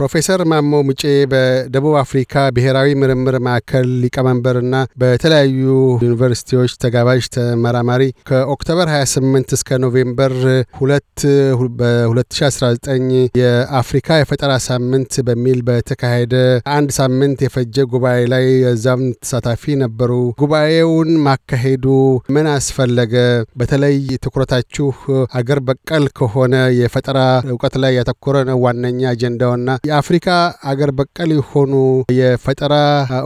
ፕሮፌሰር ማሞ ሙጬ በደቡብ አፍሪካ ብሔራዊ ምርምር ማዕከል ሊቀመንበርና በተለያዩ ዩኒቨርሲቲዎች ተጋባዥ ተመራማሪ ከኦክቶበር 28 እስከ ኖቬምበር 2 በ2019 የአፍሪካ የፈጠራ ሳምንት በሚል በተካሄደ አንድ ሳምንት የፈጀ ጉባኤ ላይ እዛም ተሳታፊ ነበሩ። ጉባኤውን ማካሄዱ ምን አስፈለገ? በተለይ ትኩረታችሁ አገር በቀል ከሆነ የፈጠራ እውቀት ላይ ያተኮረ ነው ዋነኛ አጀንዳውና የአፍሪካ አገር በቀል የሆኑ የፈጠራ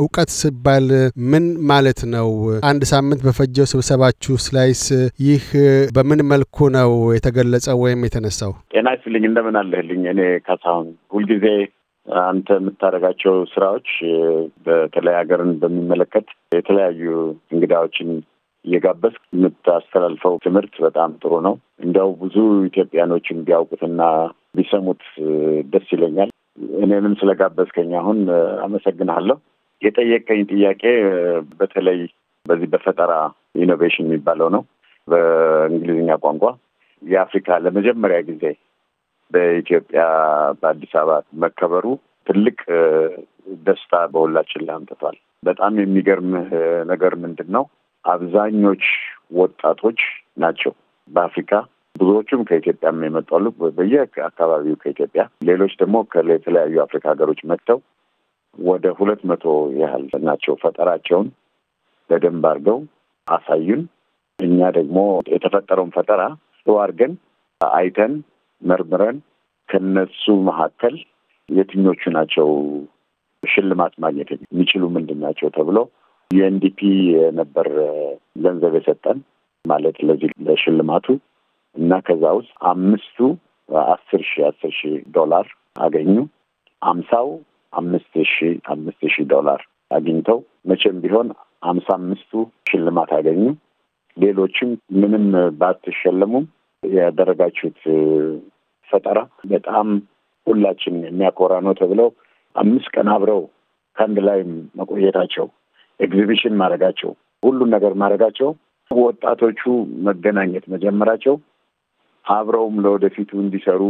እውቀት ሲባል ምን ማለት ነው? አንድ ሳምንት በፈጀው ስብሰባችሁስ ላይስ ይህ በምን መልኩ ነው የተገለጸው ወይም የተነሳው? ጤና ይስጥልኝ፣ እንደምን አለህልኝ። እኔ ካሳሁን ሁልጊዜ አንተ የምታደርጋቸው ስራዎች በተለይ ሀገርን በሚመለከት የተለያዩ እንግዳዎችን እየጋበስ የምታስተላልፈው ትምህርት በጣም ጥሩ ነው። እንዲያው ብዙ ኢትዮጵያኖችን ቢያውቁትና ቢሰሙት ደስ ይለኛል። እኔንም ስለጋበዝከኝ አሁን አመሰግናለሁ። የጠየቀኝ ጥያቄ በተለይ በዚህ በፈጠራ ኢኖቬሽን የሚባለው ነው በእንግሊዝኛ ቋንቋ የአፍሪካ ለመጀመሪያ ጊዜ በኢትዮጵያ በአዲስ አበባ መከበሩ ትልቅ ደስታ በሁላችን ላይ አምጥቷል። በጣም የሚገርምህ ነገር ምንድን ነው? አብዛኞች ወጣቶች ናቸው በአፍሪካ ብዙዎቹም ከኢትዮጵያ የመጡ አሉ፣ በየአካባቢው ከኢትዮጵያ ሌሎች ደግሞ ከተለያዩ አፍሪካ ሀገሮች መጥተው ወደ ሁለት መቶ ያህል ናቸው። ፈጠራቸውን በደንብ አድርገው አሳዩን። እኛ ደግሞ የተፈጠረውን ፈጠራ ጥሩ አድርገን አይተን መርምረን ከነሱ መካከል የትኞቹ ናቸው ሽልማት ማግኘት የሚችሉ ምንድን ናቸው ተብሎ ዩኤንዲፒ የነበር ገንዘብ የሰጠን ማለት ለዚህ ለሽልማቱ እና ከዛ ውስጥ አምስቱ አስር ሺ አስር ሺ ዶላር አገኙ። አምሳው አምስት ሺ አምስት ሺ ዶላር አግኝተው መቼም ቢሆን አምሳ አምስቱ ሽልማት አገኙ። ሌሎችም ምንም ባትሸለሙም ያደረጋችሁት ፈጠራ በጣም ሁላችን የሚያኮራ ነው ተብለው አምስት ቀን አብረው ከአንድ ላይ መቆየታቸው፣ ኤግዚቢሽን ማድረጋቸው፣ ሁሉን ነገር ማድረጋቸው፣ ወጣቶቹ መገናኘት መጀመራቸው አብረውም ለወደፊቱ እንዲሰሩ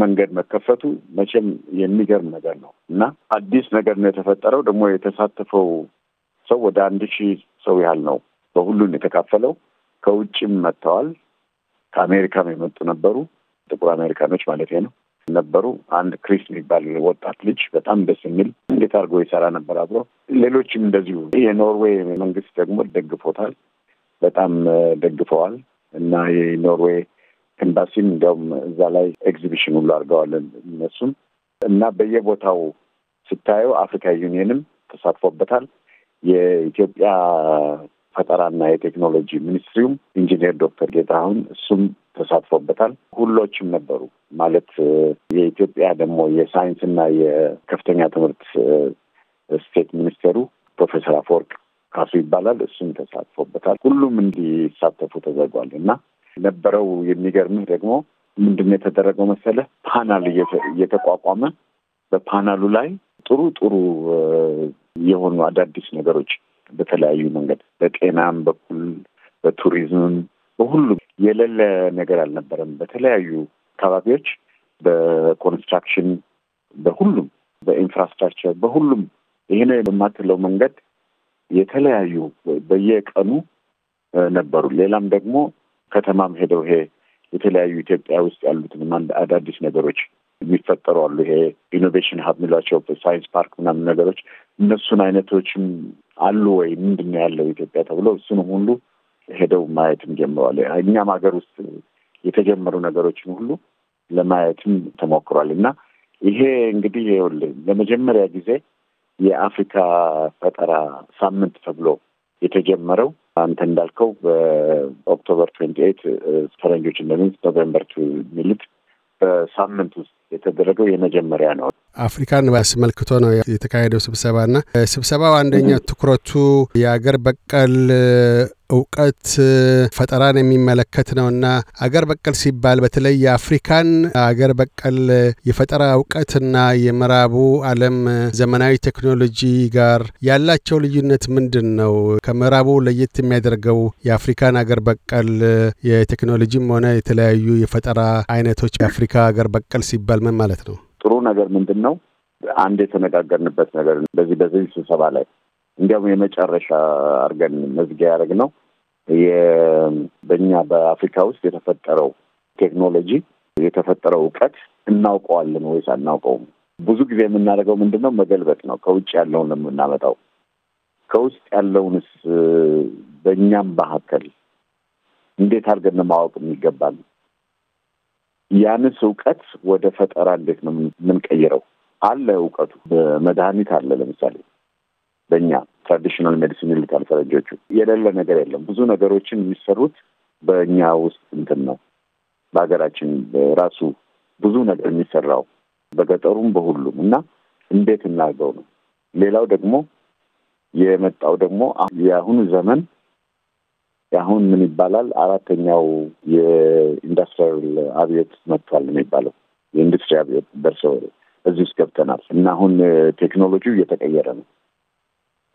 መንገድ መከፈቱ መቼም የሚገርም ነገር ነው እና አዲስ ነገር ነው የተፈጠረው። ደግሞ የተሳተፈው ሰው ወደ አንድ ሺህ ሰው ያህል ነው በሁሉም የተካፈለው። ከውጭም መጥተዋል። ከአሜሪካም የመጡ ነበሩ። ጥቁር አሜሪካኖች ማለት ነው ነበሩ። አንድ ክሪስ የሚባል ወጣት ልጅ በጣም ደስ የሚል እንዴት አድርጎ ይሰራ ነበር አብሮ። ሌሎችም እንደዚሁ የኖርዌይ መንግስት ደግሞ ደግፎታል፣ በጣም ደግፈዋል እና የኖርዌይ ኤምባሲም እንዲያውም እዛ ላይ ኤግዚቢሽን ሁሉ አድርገዋለን እነሱም እና በየቦታው ስታየው አፍሪካ ዩኒየንም ተሳትፎበታል። የኢትዮጵያ ፈጠራና የቴክኖሎጂ ሚኒስትሪውም ኢንጂነር ዶክተር ጌታሁን እሱም ተሳትፎበታል። ሁሎችም ነበሩ ማለት የኢትዮጵያ ደግሞ የሳይንስና የከፍተኛ ትምህርት ስቴት ሚኒስቴሩ ፕሮፌሰር አፈወርቅ ካሱ ይባላል። እሱም ተሳትፎበታል። ሁሉም እንዲሳተፉ ተዘጓል እና ነበረው። የሚገርምህ ደግሞ ምንድን ነው የተደረገው መሰለህ? ፓናል እየተቋቋመ በፓናሉ ላይ ጥሩ ጥሩ የሆኑ አዳዲስ ነገሮች በተለያዩ መንገድ በጤናም በኩል በቱሪዝምም በሁሉም የሌለ ነገር አልነበረም። በተለያዩ አካባቢዎች በኮንስትራክሽን፣ በሁሉም በኢንፍራስትራክቸር፣ በሁሉም ይህን በማትለው መንገድ የተለያዩ በየቀኑ ነበሩ። ሌላም ደግሞ ከተማም ሄደው ይሄ የተለያዩ ኢትዮጵያ ውስጥ ያሉትን አንድ አዳዲስ ነገሮች የሚፈጠሩ አሉ። ይሄ ኢኖቬሽን ሀብ የሚሏቸው ሳይንስ ፓርክ ምናምን ነገሮች እነሱን አይነቶችም አሉ ወይ ምንድን ነው ያለው ኢትዮጵያ ተብሎ እሱን ሁሉ ሄደው ማየትም ጀምረዋል። እኛም ሀገር ውስጥ የተጀመሩ ነገሮችን ሁሉ ለማየትም ተሞክሯል እና ይሄ እንግዲህ ለመጀመሪያ ጊዜ የአፍሪካ ፈጠራ ሳምንት ተብሎ የተጀመረው አንተ እንዳልከው በኦክቶበር ትዌንቲ ኤይት ፈረንጆች እንደምን ኖቬምበር ቱ ሚሉት በሳምንት ውስጥ የተደረገው የመጀመሪያ ነው። አፍሪካን አስመልክቶ ነው የተካሄደው ስብሰባ ስብሰባና ስብሰባው አንደኛ ትኩረቱ የአገር በቀል እውቀት ፈጠራን የሚመለከት ነውና አገር በቀል ሲባል በተለይ የአፍሪካን አገር በቀል የፈጠራ እውቀትና የምዕራቡ ዓለም ዘመናዊ ቴክኖሎጂ ጋር ያላቸው ልዩነት ምንድን ነው? ከምዕራቡ ለየት የሚያደርገው የአፍሪካን አገር በቀል የቴክኖሎጂም ሆነ የተለያዩ የፈጠራ አይነቶች የአፍሪካ አገር በቀል ሲባል ምን ማለት ነው? ጥሩ ነገር ምንድን ነው? አንድ የተነጋገርንበት ነገር በዚህ በዚህ ስብሰባ ላይ እንዲያውም የመጨረሻ አድርገን መዝጊያ ያደረግነው በእኛ በአፍሪካ ውስጥ የተፈጠረው ቴክኖሎጂ የተፈጠረው እውቀት እናውቀዋለን ወይስ አናውቀውም? ብዙ ጊዜ የምናደርገው ምንድን ነው? መገልበጥ ነው። ከውጭ ያለውን የምናመጣው። ከውስጥ ያለውንስ በእኛም መካከል እንዴት አድርገን ማወቅ የሚገባል? ያንስ እውቀት ወደ ፈጠራ እንዴት ነው የምንቀይረው? አለ እውቀቱ መድኃኒት አለ ለምሳሌ በእኛ ትራዲሽናል ሜዲሲን ይሉታል ፈረንጆቹ። የሌለ ነገር የለም። ብዙ ነገሮችን የሚሰሩት በእኛ ውስጥ እንትን ነው። በሀገራችን ራሱ ብዙ ነገር የሚሰራው በገጠሩም በሁሉም እና እንዴት እናገው ነው። ሌላው ደግሞ የመጣው ደግሞ የአሁኑ ዘመን አሁን ምን ይባላል አራተኛው የኢንዱስትሪያል አብዮት መጥቷል የሚባለው። የኢንዱስትሪ አብዮት ደርሰው እዚህ ውስጥ ገብተናል እና አሁን ቴክኖሎጂው እየተቀየረ ነው።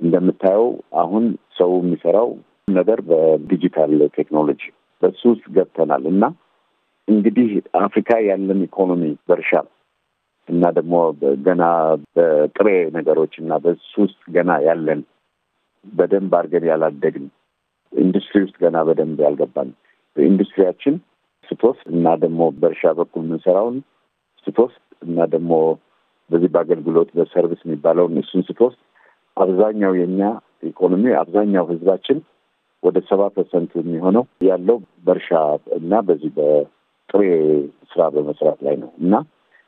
እንደምታየው አሁን ሰው የሚሰራው ነገር በዲጂታል ቴክኖሎጂ በሱ ውስጥ ገብተናል እና እንግዲህ አፍሪካ ያለን ኢኮኖሚ በእርሻ እና ደግሞ ገና በጥሬ ነገሮች እና በሱ ውስጥ ገና ያለን በደንብ አድርገን ያላደግን ኢንዱስትሪ ውስጥ ገና በደንብ ያልገባን ኢንዱስትሪያችን ስትወስድ እና ደግሞ በእርሻ በኩል የምንሰራውን ስትወስድ እና ደግሞ በዚህ በአገልግሎት በሰርቪስ የሚባለውን እሱን ስቶስ አብዛኛው የኛ ኢኮኖሚ አብዛኛው ህዝባችን ወደ ሰባ ፐርሰንት የሚሆነው ያለው በእርሻ እና በዚህ በጥሬ ስራ በመስራት ላይ ነው እና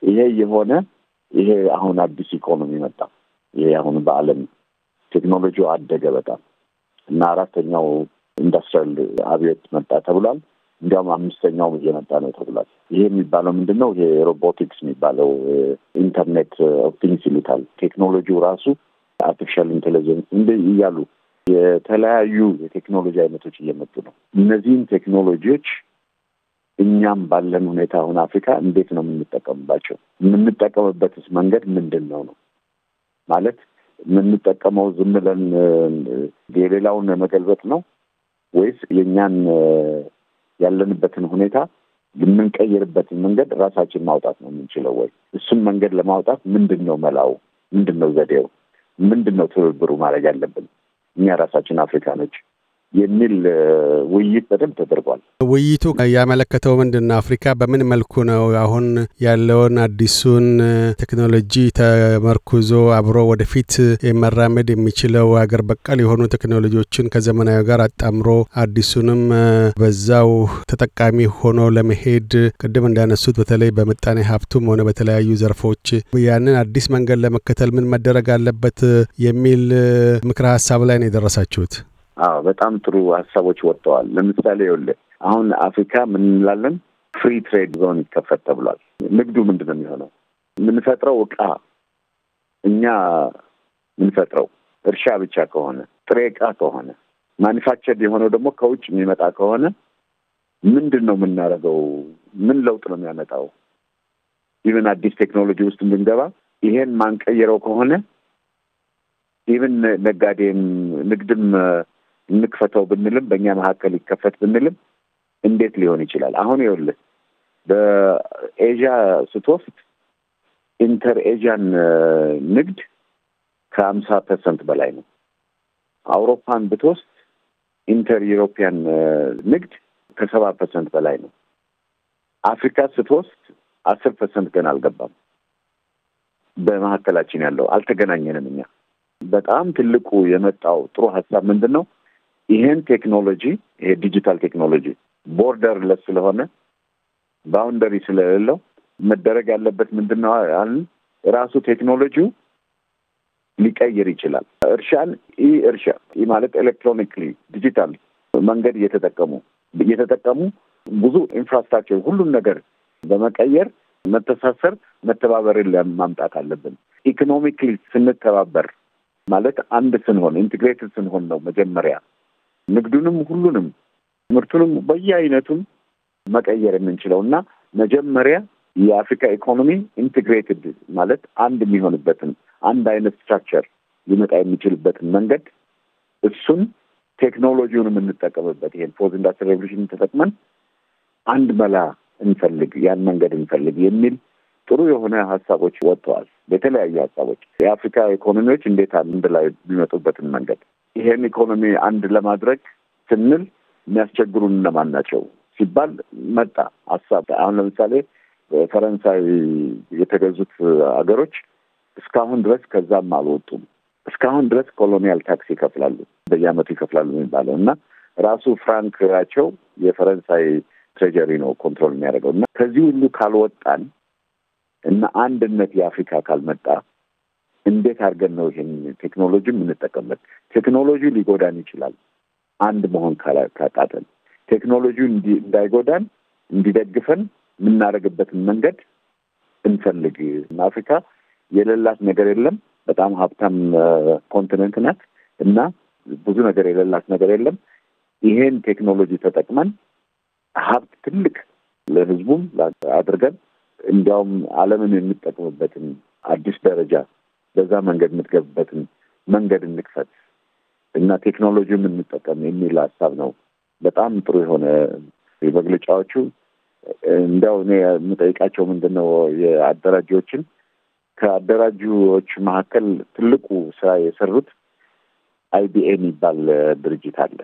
ይሄ የሆነ ይሄ አሁን አዲስ ኢኮኖሚ መጣ። ይሄ አሁን በዓለም ቴክኖሎጂው አደገ በጣም እና አራተኛው ኢንዱስትሪያል አብዮት መጣ ተብሏል። እንዲያውም አምስተኛውም እየመጣ ነው ተብሏል። ይሄ የሚባለው ምንድን ነው? ይሄ ሮቦቲክስ የሚባለው ኢንተርኔት ኦፍ ቲንግስ ይሉታል። ቴክኖሎጂው ራሱ አርቲፊሻል ኢንቴሊጀንስ እንደ እያሉ የተለያዩ የቴክኖሎጂ አይነቶች እየመጡ ነው። እነዚህን ቴክኖሎጂዎች እኛም ባለን ሁኔታ አሁን አፍሪካ እንዴት ነው የምንጠቀምባቸው? የምንጠቀምበትስ መንገድ ምንድን ነው ነው ማለት የምንጠቀመው ዝም ብለን የሌላውን መገልበጥ ነው ወይስ የእኛን ያለንበትን ሁኔታ የምንቀይርበትን መንገድ ራሳችን ማውጣት ነው የምንችለው ወይ? እሱም መንገድ ለማውጣት ምንድን ነው መላው? ምንድን ነው ዘዴው? ምንድን ነው ትብብሩ ማድረግ ያለብን እኛ ራሳችን አፍሪካኖች የሚል ውይይት በደንብ ተደርጓል። ውይይቱ ያመለከተው ምንድን ነው? አፍሪካ በምን መልኩ ነው አሁን ያለውን አዲሱን ቴክኖሎጂ ተመርኩዞ አብሮ ወደፊት መራመድ የሚችለው ሀገር በቀል የሆኑ ቴክኖሎጂዎችን ከዘመናዊ ጋር አጣምሮ አዲሱንም በዛው ተጠቃሚ ሆኖ ለመሄድ ቅድም እንዳነሱት በተለይ በምጣኔ ሀብቱም ሆነ በተለያዩ ዘርፎች ያንን አዲስ መንገድ ለመከተል ምን መደረግ አለበት የሚል ምክረ ሀሳብ ላይ ነው የደረሳችሁት? አዎ በጣም ጥሩ ሀሳቦች ወጥተዋል። ለምሳሌ ይኸውልህ አሁን አፍሪካ ምን እንላለን ፍሪ ትሬድ ዞን ይከፈት ተብሏል። ንግዱ ምንድን ነው የሚሆነው? የምንፈጥረው እቃ እኛ የምንፈጥረው እርሻ ብቻ ከሆነ ጥሬ እቃ ከሆነ ማኒፋክቸር የሆነው ደግሞ ከውጭ የሚመጣ ከሆነ ምንድን ነው የምናደርገው? ምን ለውጥ ነው የሚያመጣው? ኢቨን አዲስ ቴክኖሎጂ ውስጥ እንድንገባ ይሄን ማንቀየረው ከሆነ ኢቨን ነጋዴም ንግድም እንክፈተው ብንልም በእኛ መካከል ይከፈት ብንልም እንዴት ሊሆን ይችላል? አሁን ይኸውልህ በኤዥያ ስትወስድ ኢንተር ኤዥያን ንግድ ከአምሳ ፐርሰንት በላይ ነው። አውሮፓን ብትወስድ ኢንተር ዩሮፒያን ንግድ ከሰባ ፐርሰንት በላይ ነው። አፍሪካ ስትወስድ አስር ፐርሰንት ገና አልገባም። በመካከላችን ያለው አልተገናኘንም። እኛ በጣም ትልቁ የመጣው ጥሩ ሀሳብ ምንድን ነው? ይሄን ቴክኖሎጂ ይሄ ዲጂታል ቴክኖሎጂ ቦርደር ለስ ስለሆነ ባውንደሪ ስለሌለው መደረግ ያለበት ምንድን ነው አል ራሱ ቴክኖሎጂው ሊቀይር ይችላል። እርሻን ኢ እርሻ ይህ ማለት ኤሌክትሮኒክሊ ዲጂታል መንገድ እየተጠቀሙ እየተጠቀሙ ብዙ ኢንፍራስትራክቸር ሁሉም ነገር በመቀየር መተሳሰር፣ መተባበርን ለማምጣት አለብን። ኢኮኖሚክሊ ስንተባበር ማለት አንድ ስንሆን ኢንቴግሬትድ ስንሆን ነው መጀመሪያ ንግዱንም፣ ሁሉንም ትምህርቱንም በየአይነቱም መቀየር የምንችለው እና መጀመሪያ የአፍሪካ ኢኮኖሚ ኢንቴግሬትድ ማለት አንድ የሚሆንበትን አንድ አይነት ስትራክቸር ሊመጣ የሚችልበትን መንገድ እሱን ቴክኖሎጂውን የምንጠቀምበት ይሄን ፖዝ ኢንዳስትሪ ሬቮሉሽን ተጠቅመን አንድ መላ እንፈልግ፣ ያን መንገድ እንፈልግ የሚል ጥሩ የሆነ ሀሳቦች ወጥተዋል። የተለያዩ ሀሳቦች የአፍሪካ ኢኮኖሚዎች እንዴት አንድ ላይ የሚመጡበትን መንገድ ይሄን ኢኮኖሚ አንድ ለማድረግ ስንል የሚያስቸግሩን እነማን ናቸው ሲባል መጣ ሀሳብ። አሁን ለምሳሌ በፈረንሳይ የተገዙት ሀገሮች እስካሁን ድረስ ከዛም አልወጡም። እስካሁን ድረስ ኮሎኒያል ታክስ ይከፍላሉ፣ በየአመቱ ይከፍላሉ የሚባለው እና ራሱ ፍራንክቸው የፈረንሳይ ትሬጀሪ ነው ኮንትሮል የሚያደርገው እና ከዚህ ሁሉ ካልወጣን እና አንድነት የአፍሪካ ካልመጣ እንዴት አድርገን ነው ይህን ቴክኖሎጂ የምንጠቀምበት? ቴክኖሎጂ ሊጎዳን ይችላል። አንድ መሆን ካቃተን ቴክኖሎጂ እንዳይጎዳን እንዲደግፈን የምናደርግበትን መንገድ እንፈልግ። አፍሪካ የሌላት ነገር የለም። በጣም ሀብታም ኮንቲነንት ናት እና ብዙ ነገር የሌላት ነገር የለም። ይሄን ቴክኖሎጂ ተጠቅመን ሀብት ትልቅ ለህዝቡም አድርገን እንዲያውም ዓለምን የምጠቅምበትን አዲስ ደረጃ በዛ መንገድ የምትገብበትን መንገድ እንክፈት። እና ቴክኖሎጂም እንጠቀም የሚል ሀሳብ ነው። በጣም ጥሩ የሆነ መግለጫዎቹ እንዲያው እኔ የምጠይቃቸው ምንድን ነው የአደራጆችን መካከል ትልቁ ስራ የሰሩት አይቢኤ የሚባል ድርጅት አለ።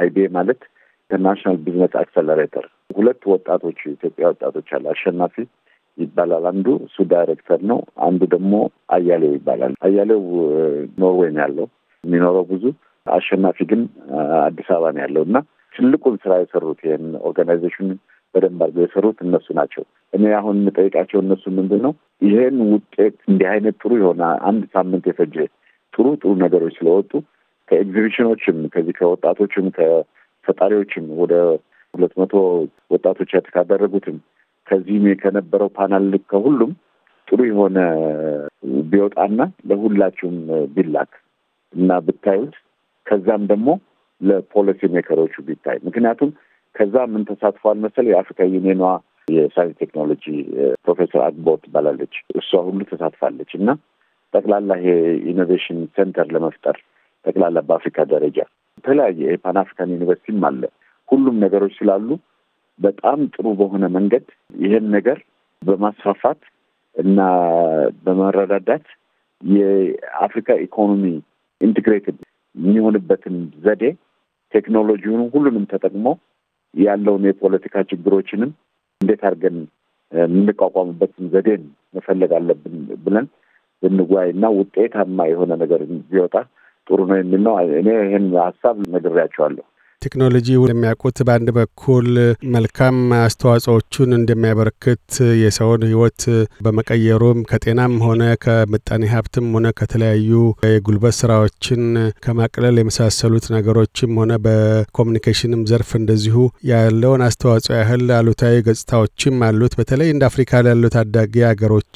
አይቢኤ ማለት ኢንተርናሽናል ቢዝነስ አክሰለሬተር። ሁለት ወጣቶች ኢትዮጵያ ወጣቶች አለ። አሸናፊ ይባላል አንዱ፣ እሱ ዳይሬክተር ነው። አንዱ ደግሞ አያሌው ይባላል። አያሌው ኖርዌይ ነው ያለው የሚኖረው ብዙ አሸናፊ ግን አዲስ አበባ ነው ያለው እና ትልቁን ስራ የሰሩት ይህን ኦርጋናይዜሽን በደንብ አድርገው የሰሩት እነሱ ናቸው። እኔ አሁን የምጠይቃቸው እነሱ ምንድን ነው ይህን ውጤት እንዲህ አይነት ጥሩ የሆነ አንድ ሳምንት የፈጀ ጥሩ ጥሩ ነገሮች ስለወጡ ከኤግዚቢሽኖችም ከዚህ ከወጣቶችም ከፈጣሪዎችም ወደ ሁለት መቶ ወጣቶች ካደረጉትም ከዚህም ከነበረው ፓናል ከሁሉም ጥሩ የሆነ ቢወጣና ለሁላችሁም ቢላክ እና ብታዩት ከዛም ደግሞ ለፖሊሲ ሜከሮቹ ቢታይ ምክንያቱም ከዛ ምን ተሳትፏል መሰለ የአፍሪካ ዩኒየኗ የሳይንስ ቴክኖሎጂ ፕሮፌሰር አግቦት ትባላለች። እሷ ሁሉ ተሳትፋለች እና ጠቅላላ የኢኖቬሽን ኢኖቬሽን ሴንተር ለመፍጠር ጠቅላላ በአፍሪካ ደረጃ የተለያየ የፓን አፍሪካን ዩኒቨርሲቲም አለ። ሁሉም ነገሮች ስላሉ በጣም ጥሩ በሆነ መንገድ ይህን ነገር በማስፋፋት እና በመረዳዳት የአፍሪካ ኢኮኖሚ ኢንትግሬትድ የሚሆንበትን ዘዴ ቴክኖሎጂውን ሁሉንም ተጠቅሞ ያለውን የፖለቲካ ችግሮችንም እንዴት አድርገን የምንቋቋምበትን ዘዴን መፈለግ አለብን ብለን ብንጓይ እና ውጤታማ የሆነ ነገር ቢወጣ ጥሩ ነው የሚል ነው። እኔ ይህን ሀሳብ ነግሬያቸዋለሁ። ቴክኖሎጂ እንደሚያውቁት በአንድ በኩል መልካም አስተዋጽኦቹን እንደሚያበረክት የሰውን ህይወት በመቀየሩም ከጤናም ሆነ ከምጣኔ ሀብትም ሆነ ከተለያዩ የጉልበት ስራዎችን ከማቅለል የመሳሰሉት ነገሮችም ሆነ በኮሚኒኬሽንም ዘርፍ እንደዚሁ ያለውን አስተዋጽኦ ያህል አሉታዊ ገጽታዎችም አሉት። በተለይ እንደ አፍሪካ ላሉ አዳጊ ሀገሮች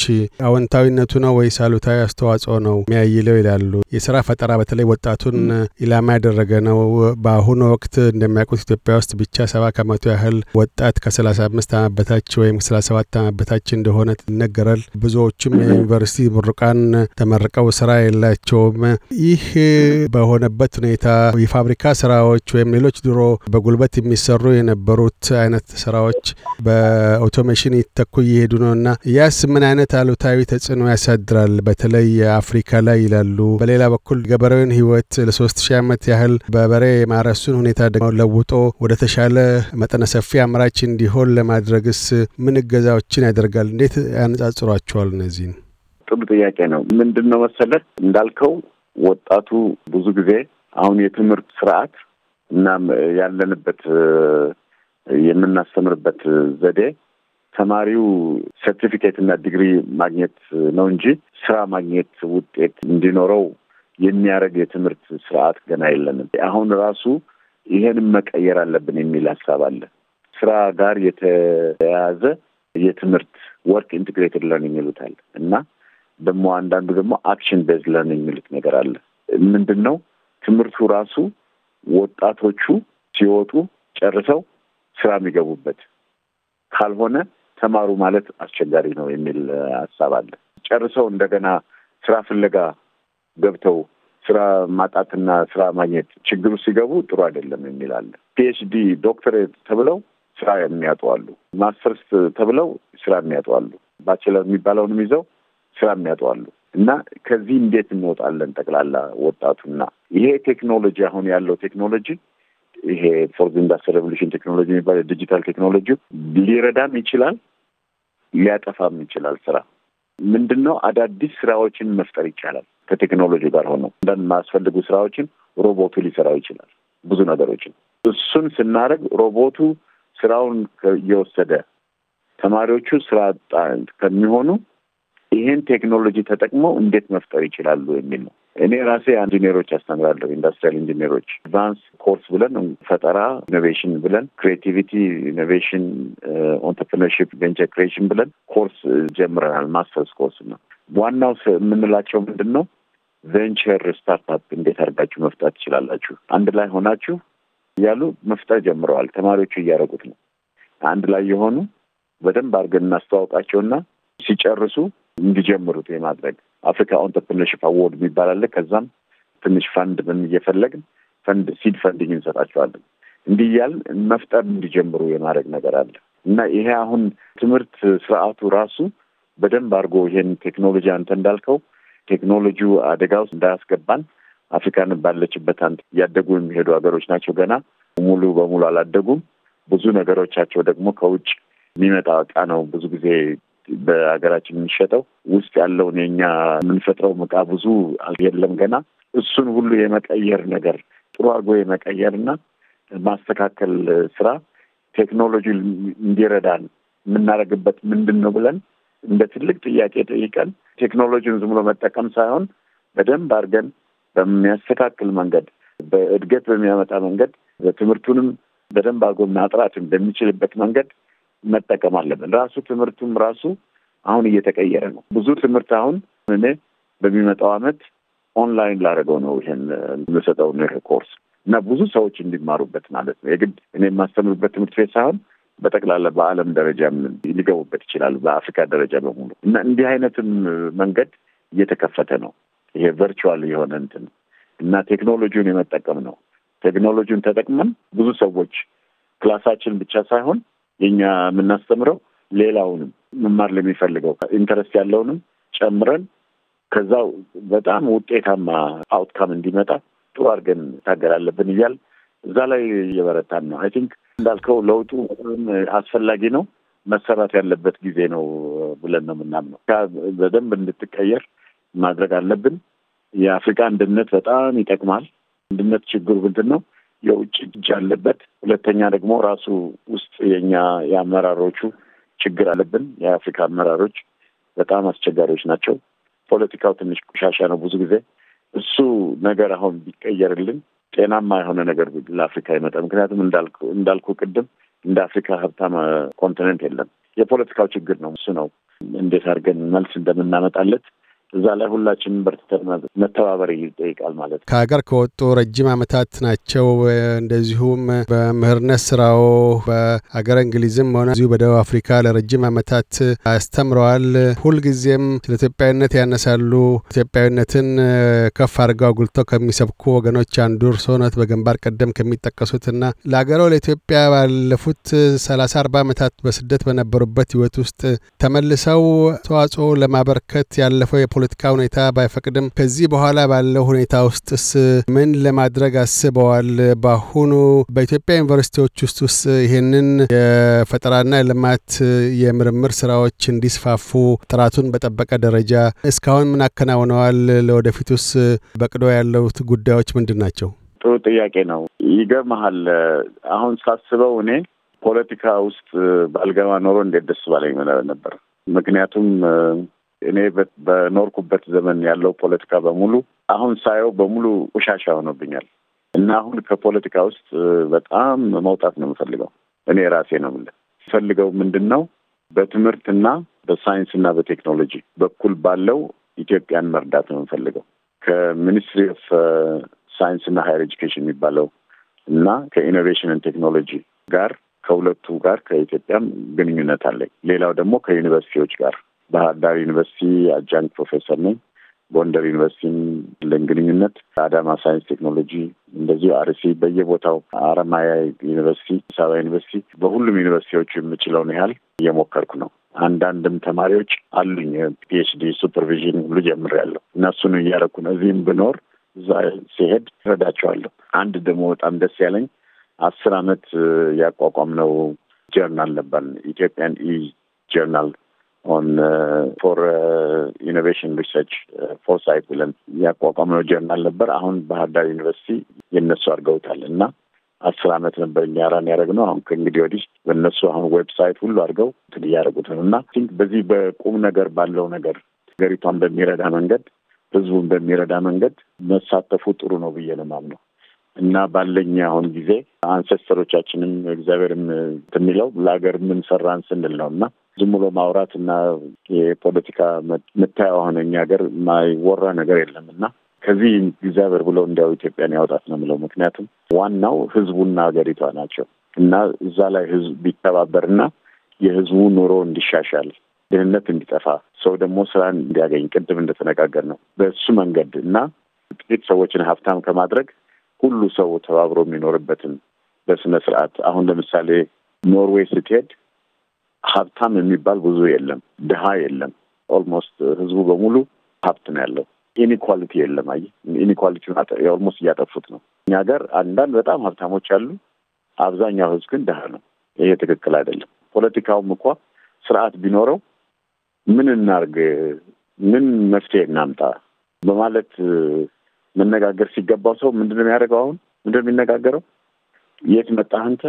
አዎንታዊነቱ ነው ወይስ አሉታዊ አስተዋጽኦ ነው የሚያይለው ይላሉ። የስራ ፈጠራ በተለይ ወጣቱን ኢላማ ያደረገ ነው በአሁኑ ወቅት መንግስት እንደሚያውቁት ኢትዮጵያ ውስጥ ብቻ ሰባ ከመቶ ያህል ወጣት ከሰላሳ አምስት ዓመት በታች ወይም ሰላሳ ሰባት ዓመት በታች እንደሆነ ይነገራል። ብዙዎቹም የዩኒቨርሲቲ ምሩቃን ተመርቀው ስራ የላቸውም። ይህ በሆነበት ሁኔታ የፋብሪካ ስራዎች ወይም ሌሎች ድሮ በጉልበት የሚሰሩ የነበሩት አይነት ስራዎች በኦቶሜሽን ይተኩ እየሄዱ ነው እና ያስ ምን አይነት አሉታዊ ተጽዕኖ ያሳድራል በተለይ አፍሪካ ላይ ይላሉ። በሌላ በኩል ገበሬውን ህይወት ለሶስት ሺህ ዓመት ያህል በበሬ የማረሱን ሁኔታ ደግሞ ለውጦ ወደ ተሻለ መጠነ ሰፊ አምራች እንዲሆን ለማድረግስ ምን እገዛዎችን ያደርጋል? እንዴት ያነጻጽሯቸዋል? እነዚህን ጥሩ ጥያቄ ነው። ምንድን ነው መሰለህ እንዳልከው ወጣቱ ብዙ ጊዜ አሁን የትምህርት ስርዓት እና ያለንበት የምናስተምርበት ዘዴ ተማሪው ሰርቲፊኬት እና ዲግሪ ማግኘት ነው እንጂ ስራ ማግኘት ውጤት እንዲኖረው የሚያደርግ የትምህርት ስርዓት ገና የለንም። አሁን ራሱ ይሄንም መቀየር አለብን የሚል ሀሳብ አለ። ስራ ጋር የተያያዘ የትምህርት ወርክ ኢንትግሬትድ ለርኒንግ የሚሉት አለ እና ደግሞ አንዳንዱ ደግሞ አክሽን ቤዝ ለርኒንግ የሚሉት ነገር አለ። ምንድን ነው ትምህርቱ ራሱ ወጣቶቹ ሲወጡ ጨርሰው ስራ የሚገቡበት ካልሆነ ተማሩ ማለት አስቸጋሪ ነው የሚል ሀሳብ አለ። ጨርሰው እንደገና ስራ ፍለጋ ገብተው ስራ ማጣትና ስራ ማግኘት ችግሩ ሲገቡ ጥሩ አይደለም የሚል አለ። ፒኤችዲ ዶክተሬት ተብለው ስራ የሚያጡ አሉ። ማስተርስ ተብለው ስራ የሚያጡ አሉ። ባችለር የሚባለውንም ይዘው ስራ የሚያጡ አሉ። እና ከዚህ እንዴት እንወጣለን? ጠቅላላ ወጣቱና ይሄ ቴክኖሎጂ አሁን ያለው ቴክኖሎጂ ይሄ ፎርዝ ኢንዳስትሪ ሬቮሉሽን ቴክኖሎጂ የሚባል የዲጂታል ቴክኖሎጂ ሊረዳም ይችላል፣ ሊያጠፋም ይችላል። ስራ ምንድን ነው? አዳዲስ ስራዎችን መፍጠር ይቻላል። ከቴክኖሎጂ ጋር ሆኖ እንደማያስፈልጉ ስራዎችን ሮቦቱ ሊሰራው ይችላል። ብዙ ነገሮችን እሱን ስናደርግ ሮቦቱ ስራውን እየወሰደ ተማሪዎቹ ስራ አጥ ከሚሆኑ ይሄን ቴክኖሎጂ ተጠቅመው እንዴት መፍጠር ይችላሉ የሚል ነው። እኔ ራሴ ኢንጂኒሮች አስተምራለሁ። ኢንዱስትሪያል ኢንጂኒሮች አድቫንስ ኮርስ ብለን ፈጠራ፣ ኢኖቬሽን ብለን ክሬቲቪቲ፣ ኢኖቬሽን፣ ኦንተርፕርነርሽፕ፣ ቬንቸር ክሬሽን ብለን ኮርስ ጀምረናል። ማስተርስ ኮርስ ነው ዋናው የምንላቸው ምንድን ነው ቬንቸር ስታርታፕ እንዴት አድርጋችሁ መፍጣት ትችላላችሁ አንድ ላይ ሆናችሁ እያሉ መፍጠር ጀምረዋል። ተማሪዎቹ እያደረጉት ነው። አንድ ላይ የሆኑ በደንብ አድርገን እናስተዋውቃቸውና ሲጨርሱ እንዲጀምሩት የማድረግ አፍሪካ ኦንተርፕርነርሽፕ አዋርድ የሚባል አለ። ከዛም ትንሽ ፈንድ ምን እየፈለግን ፈንድ ሲድ ፈንዲንግ እንሰጣቸዋለን። እንዲህ እያልን መፍጠር እንዲጀምሩ የማድረግ ነገር አለ እና ይሄ አሁን ትምህርት ስርዓቱ ራሱ በደንብ አድርጎ ይሄን ቴክኖሎጂ አንተ እንዳልከው ቴክኖሎጂው አደጋ ውስጥ እንዳያስገባን አፍሪካን ባለችበት አንድ እያደጉ የሚሄዱ ሀገሮች ናቸው። ገና ሙሉ በሙሉ አላደጉም። ብዙ ነገሮቻቸው ደግሞ ከውጭ የሚመጣ እቃ ነው ብዙ ጊዜ በሀገራችን የሚሸጠው። ውስጥ ያለውን የኛ የምንፈጥረው እቃ ብዙ የለም ገና። እሱን ሁሉ የመቀየር ነገር ጥሩ አድርጎ የመቀየር እና ማስተካከል ስራ ቴክኖሎጂ እንዲረዳን የምናደርግበት ምንድን ነው ብለን እንደ ትልቅ ጥያቄ ጠይቀን ቴክኖሎጂን ዝም ብሎ መጠቀም ሳይሆን በደንብ አድርገን በሚያስተካክል መንገድ፣ በእድገት በሚያመጣ መንገድ፣ ትምህርቱንም በደንብ አድርጎ ማጥራት በሚችልበት መንገድ መጠቀም አለብን። ራሱ ትምህርቱም ራሱ አሁን እየተቀየረ ነው። ብዙ ትምህርት አሁን እኔ በሚመጣው ዓመት ኦንላይን ላደረገው ነው ይሄን የምሰጠው ነው ይሄ ኮርስ እና ብዙ ሰዎች እንዲማሩበት ማለት ነው። የግድ እኔ የማስተምርበት ትምህርት ቤት ሳይሆን በጠቅላላ በዓለም ደረጃም ሊገቡበት ይችላሉ። በአፍሪካ ደረጃ በሙሉ እና እንዲህ አይነትም መንገድ እየተከፈተ ነው። ይሄ ቨርቹዋል የሆነ እንትን እና ቴክኖሎጂውን የመጠቀም ነው። ቴክኖሎጂውን ተጠቅመን ብዙ ሰዎች ክላሳችን ብቻ ሳይሆን የኛ የምናስተምረው ሌላውንም መማር ለሚፈልገው ኢንተረስት ያለውንም ጨምረን ከዛው በጣም ውጤታማ አውትካም እንዲመጣ ጥሩ አድርገን ታገል አለብን እያል እዛ ላይ እየበረታን ነው አይ ቲንክ እንዳልከው ለውጡ አስፈላጊ ነው። መሰራት ያለበት ጊዜ ነው ብለን ነው የምናምነው። በደንብ እንድትቀየር ማድረግ አለብን። የአፍሪካ አንድነት በጣም ይጠቅማል። አንድነት ችግሩ ምንድን ነው? የውጭ እጅ አለበት። ሁለተኛ ደግሞ ራሱ ውስጥ የኛ የአመራሮቹ ችግር አለብን። የአፍሪካ አመራሮች በጣም አስቸጋሪዎች ናቸው። ፖለቲካው ትንሽ ቆሻሻ ነው ብዙ ጊዜ። እሱ ነገር አሁን ቢቀየርልን ጤናማ የሆነ ነገር ለአፍሪካ ይመጣ። ምክንያቱም እንዳልኩ ቅድም እንደ አፍሪካ ሀብታም ኮንቲኔንት የለም። የፖለቲካው ችግር ነው። እሱ ነው እንዴት አድርገን መልስ እንደምናመጣለት እዛ ላይ ሁላችንም በርትተን መተባበር ይጠይቃል ማለት ነው። ከሀገር ከወጡ ረጅም ዓመታት ናቸው። እንደዚሁም በምህርነት ስራው በሀገር እንግሊዝም ሆነ እዚሁ በደቡብ አፍሪካ ለረጅም ዓመታት አስተምረዋል። ሁልጊዜም ስለ ኢትዮጵያዊነት ያነሳሉ። ኢትዮጵያዊነትን ከፍ አድርገው አጉልተው ከሚሰብኩ ወገኖች አንዱ እርስዎ በግንባር ቀደም ከሚጠቀሱትና ለሀገረው ለኢትዮጵያ ባለፉት ሰላሳ አርባ ዓመታት በስደት በነበሩበት ህይወት ውስጥ ተመልሰው ተዋጽኦ ለማበርከት ያለፈው የፖለቲካ ሁኔታ ባይፈቅድም ከዚህ በኋላ ባለው ሁኔታ ውስጥስ ምን ለማድረግ አስበዋል? በአሁኑ በኢትዮጵያ ዩኒቨርሲቲዎች ውስጥ ውስጥ ይህንን የፈጠራና ልማት የምርምር ስራዎች እንዲስፋፉ ጥራቱን በጠበቀ ደረጃ እስካሁን ምን አከናውነዋል? ለወደፊቱስ በቅዶ ያሉት ጉዳዮች ምንድን ናቸው? ጥሩ ጥያቄ ነው። ይገርመሃል፣ አሁን ሳስበው እኔ ፖለቲካ ውስጥ ባልገባ ኖሮ እንዴት ደስ ባለኝ ነበር። ምክንያቱም እኔ በኖርኩበት ዘመን ያለው ፖለቲካ በሙሉ አሁን ሳየው በሙሉ ቁሻሻ ሆኖብኛል እና አሁን ከፖለቲካ ውስጥ በጣም መውጣት ነው የምፈልገው። እኔ ራሴ ነው የምልህ የምፈልገው ምንድን ነው በትምህርትና በሳይንስና በቴክኖሎጂ በኩል ባለው ኢትዮጵያን መርዳት ነው የምፈልገው ከሚኒስትሪ ኦፍ ሳይንስና ሀይር ኤጁኬሽን የሚባለው እና ከኢኖቬሽንን ቴክኖሎጂ ጋር ከሁለቱ ጋር ከኢትዮጵያም ግንኙነት አለኝ። ሌላው ደግሞ ከዩኒቨርሲቲዎች ጋር ባህር ዳር ዩኒቨርሲቲ አጃንክ ፕሮፌሰር ነኝ። ጎንደር ዩኒቨርሲቲም ለን ግንኙነት አዳማ ሳይንስ ቴክኖሎጂ፣ እንደዚሁ አርሲ በየቦታው አረማያ ዩኒቨርሲቲ፣ አዲስ አበባ ዩኒቨርሲቲ በሁሉም ዩኒቨርሲቲዎች የምችለውን ያህል እየሞከርኩ ነው። አንዳንድም ተማሪዎች አሉኝ ፒኤችዲ ሱፐርቪዥን ሁሉ ጀምሬያለሁ እና እሱን እያደረኩ ነው። እዚህም ብኖር እዛ ሲሄድ እረዳቸዋለሁ። አንድ ደግሞ በጣም ደስ ያለኝ አስር አመት ያቋቋምነው ጀርናል ነበር ኢትዮጵያን ኢ ጀርናል on ፎር uh, for ሪሰርች uh, ፎርሳይት uh, ብለን ያቋቋምነው ጀርናል ነበር። አሁን ባህር ዳር ዩኒቨርሲቲ የነሱ አድርገውታል እና አስር አመት ነበር እኛ ራን ያደረግነው። አሁን ከእንግዲህ ወዲህ በእነሱ አሁን ዌብሳይት ሁሉ አድርገው ትል እያደረጉት ነው እና ቲንክ በዚህ በቁም ነገር ባለው ነገር ሀገሪቷን በሚረዳ መንገድ፣ ህዝቡን በሚረዳ መንገድ መሳተፉ ጥሩ ነው ብዬ ነው የማምነው እና ባለኝ አሁን ጊዜ አንሴስተሮቻችንም እግዚአብሔርም የሚለው ለሀገር የምንሰራን ስንል ነው እና ዝም ብሎ ማውራት እና የፖለቲካ መታያ ሆነ እኛ ሀገር የማይወራ ነገር የለም እና ከዚህ እግዚአብሔር ብሎ እንዲያው ኢትዮጵያን ያውጣት ነው የምለው። ምክንያቱም ዋናው ህዝቡና ሀገሪቷ ናቸው እና እዛ ላይ ህዝብ ቢተባበርና የህዝቡ ኑሮ እንዲሻሻል ድህነት እንዲጠፋ ሰው ደግሞ ስራን እንዲያገኝ ቅድም እንደተነጋገር ነው በሱ መንገድ እና ጥቂት ሰዎችን ሀብታም ከማድረግ ሁሉ ሰው ተባብሮ የሚኖርበትን በስነ ስርዓት አሁን ለምሳሌ ኖርዌይ ስትሄድ ሀብታም የሚባል ብዙ የለም፣ ድሃ የለም። ኦልሞስት ህዝቡ በሙሉ ሀብት ነው ያለው። ኢኒኳሊቲ የለም። አይ ኢኒኳሊቲ ኦልሞስት እያጠፉት ነው። እኛ ሀገር አንዳንድ በጣም ሀብታሞች አሉ፣ አብዛኛው ህዝብ ግን ድሃ ነው። ይሄ ትክክል አይደለም። ፖለቲካውም እኳ ስርዓት ቢኖረው ምን እናርግ፣ ምን መፍትሄ እናምጣ በማለት መነጋገር ሲገባው ሰው ምንድነው ነው የሚያደርገው? አሁን ምንድነው ነው የሚነጋገረው? የት መጣህ አንተ?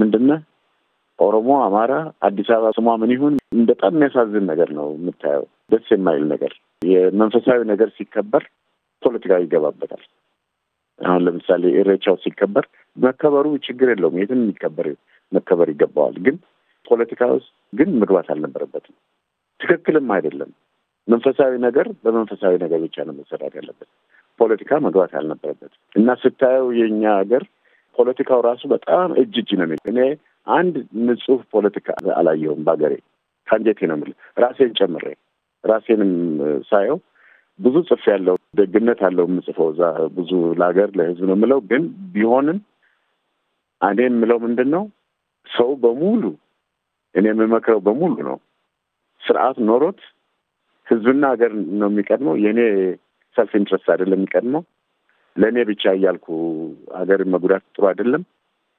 ምንድነህ ኦሮሞ፣ አማራ፣ አዲስ አበባ ስሟ ምን ይሁን በጣም የሚያሳዝን ነገር ነው የምታየው። ደስ የማይል ነገር። የመንፈሳዊ ነገር ሲከበር ፖለቲካዊ ይገባበታል። አሁን ለምሳሌ ኢሬቻው ሲከበር መከበሩ ችግር የለውም፣ የትም የሚከበር መከበር ይገባዋል። ግን ፖለቲካ ውስጥ ግን መግባት አልነበረበትም። ትክክልም አይደለም። መንፈሳዊ ነገር በመንፈሳዊ ነገር ብቻ ነው መሰራት ያለበት። ፖለቲካ መግባት አልነበረበትም እና ስታየው የእኛ ሀገር ፖለቲካው ራሱ በጣም እጅ እጅ ነው። እኔ አንድ ንጹህ ፖለቲካ አላየውም በሀገሬ ከአንጀቴ ነው የምልህ። ራሴን ጨምሬ ራሴንም ሳየው ብዙ ጽፍ ያለው ደግነት አለው የምጽፈው እዛ ብዙ ለሀገር ለህዝብ ነው የምለው። ግን ቢሆንም እኔ የምለው ምንድን ነው ሰው በሙሉ እኔ የምመክረው በሙሉ ነው ስርዓት ኖሮት ህዝብና ሀገር ነው የሚቀድመው። የእኔ ሰልፍ ኢንትረስት አይደለም የሚቀድመው ለእኔ ብቻ እያልኩ ሀገር መጉዳት ጥሩ አይደለም።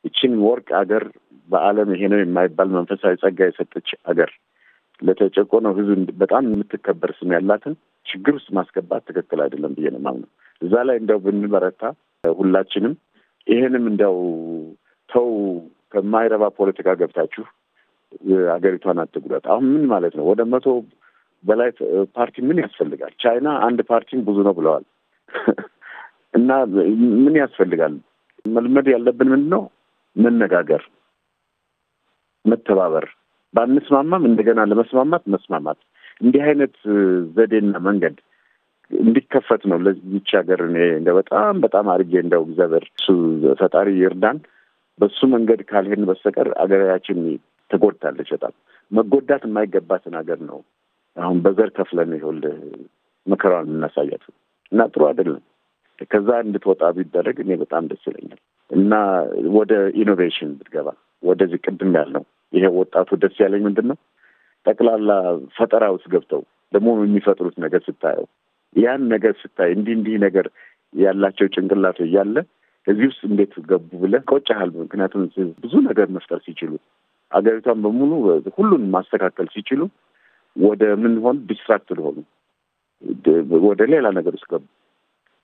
እቺን ወርቅ ሀገር በዓለም ይሄ ነው የማይባል መንፈሳዊ ጸጋ የሰጠች አገር ለተጨቆነው ህዝብ በጣም የምትከበር ስም ያላትን ችግር ውስጥ ማስገባት ትክክል አይደለም ብዬ ነው የማምነው። እዛ ላይ እንደው ብንበረታ ሁላችንም ይሄንም እንደው ተው ከማይረባ ፖለቲካ ገብታችሁ ሀገሪቷን አትጉዳት። አሁን ምን ማለት ነው? ወደ መቶ በላይ ፓርቲ ምን ያስፈልጋል? ቻይና አንድ ፓርቲም ብዙ ነው ብለዋል። እና ምን ያስፈልጋል? መልመድ ያለብን ምንድን ነው መነጋገር መተባበር፣ ባንስማማም እንደገና ለመስማማት መስማማት፣ እንዲህ አይነት ዘዴና መንገድ እንዲከፈት ነው ለዚች ሀገር እኔ በጣም በጣም አድርጌ እንደው እግዚአብሔር እሱ ፈጣሪ ይርዳን። በሱ መንገድ ካልሄን በስተቀር አገራችን ተጎድታለች። በጣም መጎዳት የማይገባትን ሀገር ነው አሁን በዘር ከፍለን ይሁል መከራውን የምናሳያት እና ጥሩ አይደለም። ከዛ እንድትወጣ ቢደረግ እኔ በጣም ደስ ይለኛል። እና ወደ ኢኖቬሽን ብትገባ ወደዚህ ቅድም ያልነው ይሄ ወጣቱ ደስ ያለኝ ምንድን ነው ጠቅላላ ፈጠራ ውስጥ ገብተው ደግሞ የሚፈጥሩት ነገር ስታየው ያን ነገር ስታይ እንዲህ እንዲህ ነገር ያላቸው ጭንቅላቶ እያለ እዚህ ውስጥ እንዴት ገቡ ብለህ ቆጭሃል። ምክንያቱም ብዙ ነገር መፍጠር ሲችሉ አገሪቷን በሙሉ ሁሉን ማስተካከል ሲችሉ ወደ ምን ሆን ዲስትራክትድ ሆኑ፣ ወደ ሌላ ነገር ውስጥ ገቡ።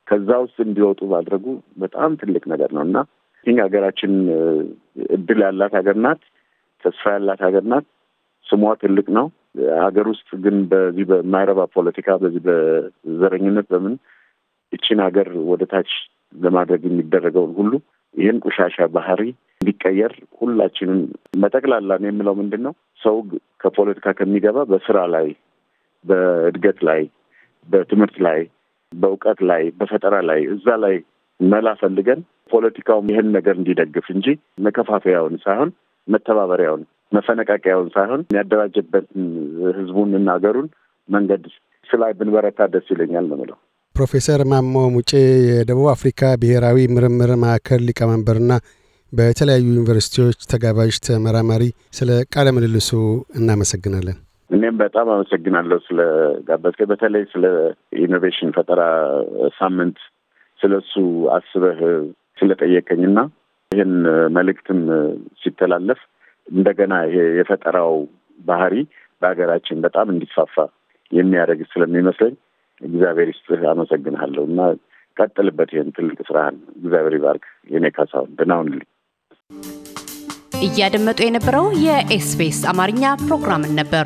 ከዛ ውስጥ እንዲወጡ ማድረጉ በጣም ትልቅ ነገር ነው እና ይህ ሀገራችን እድል ያላት ሀገር ናት። ተስፋ ያላት ሀገር ናት። ስሟ ትልቅ ነው። ሀገር ውስጥ ግን በዚህ በማይረባ ፖለቲካ፣ በዚህ በዘረኝነት በምን እቺን ሀገር ወደ ታች ለማድረግ የሚደረገውን ሁሉ ይህን ቆሻሻ ባህሪ እንዲቀየር ሁላችንም መጠቅላላ ነው የምለው ምንድን ነው ሰው ከፖለቲካ ከሚገባ በስራ ላይ በእድገት ላይ በትምህርት ላይ በእውቀት ላይ በፈጠራ ላይ እዛ ላይ መላ ፈልገን ፖለቲካውም ይህን ነገር እንዲደግፍ እንጂ መከፋፈያውን ሳይሆን መተባበሪያውን መፈነቃቂያውን ሳይሆን ህዝቡን እና ሀገሩን መንገድ ስላይ ብንበረታ ደስ ይለኛል ነው የምለው። ፕሮፌሰር ማሞ ሙጬ የደቡብ አፍሪካ ብሔራዊ ምርምር ማዕከል ሊቀመንበርና በተለያዩ ዩኒቨርሲቲዎች ተጋባዥ ተመራማሪ፣ ስለ ቃለ ምልልሱ እናመሰግናለን። እኔም በጣም አመሰግናለሁ ስለ ጋበዝከኝ። በተለይ ስለ ኢኖቬሽን ፈጠራ ሳምንት ስለ እሱ አስበህ ስለጠየቀኝ ይህን መልእክትም ሲተላለፍ እንደገና ይሄ የፈጠራው ባህሪ በሀገራችን በጣም እንዲስፋፋ የሚያደርግ ስለሚመስለኝ እግዚአብሔር ይስጥህ፣ አመሰግንሃለሁ እና ቀጥልበት ይህን ትልቅ ስራህን። እግዚአብሔር ይባርክ። የኔ ካሳሁን ደህናውን እያደመጡ የነበረው የኤስቢኤስ አማርኛ ፕሮግራምን ነበር።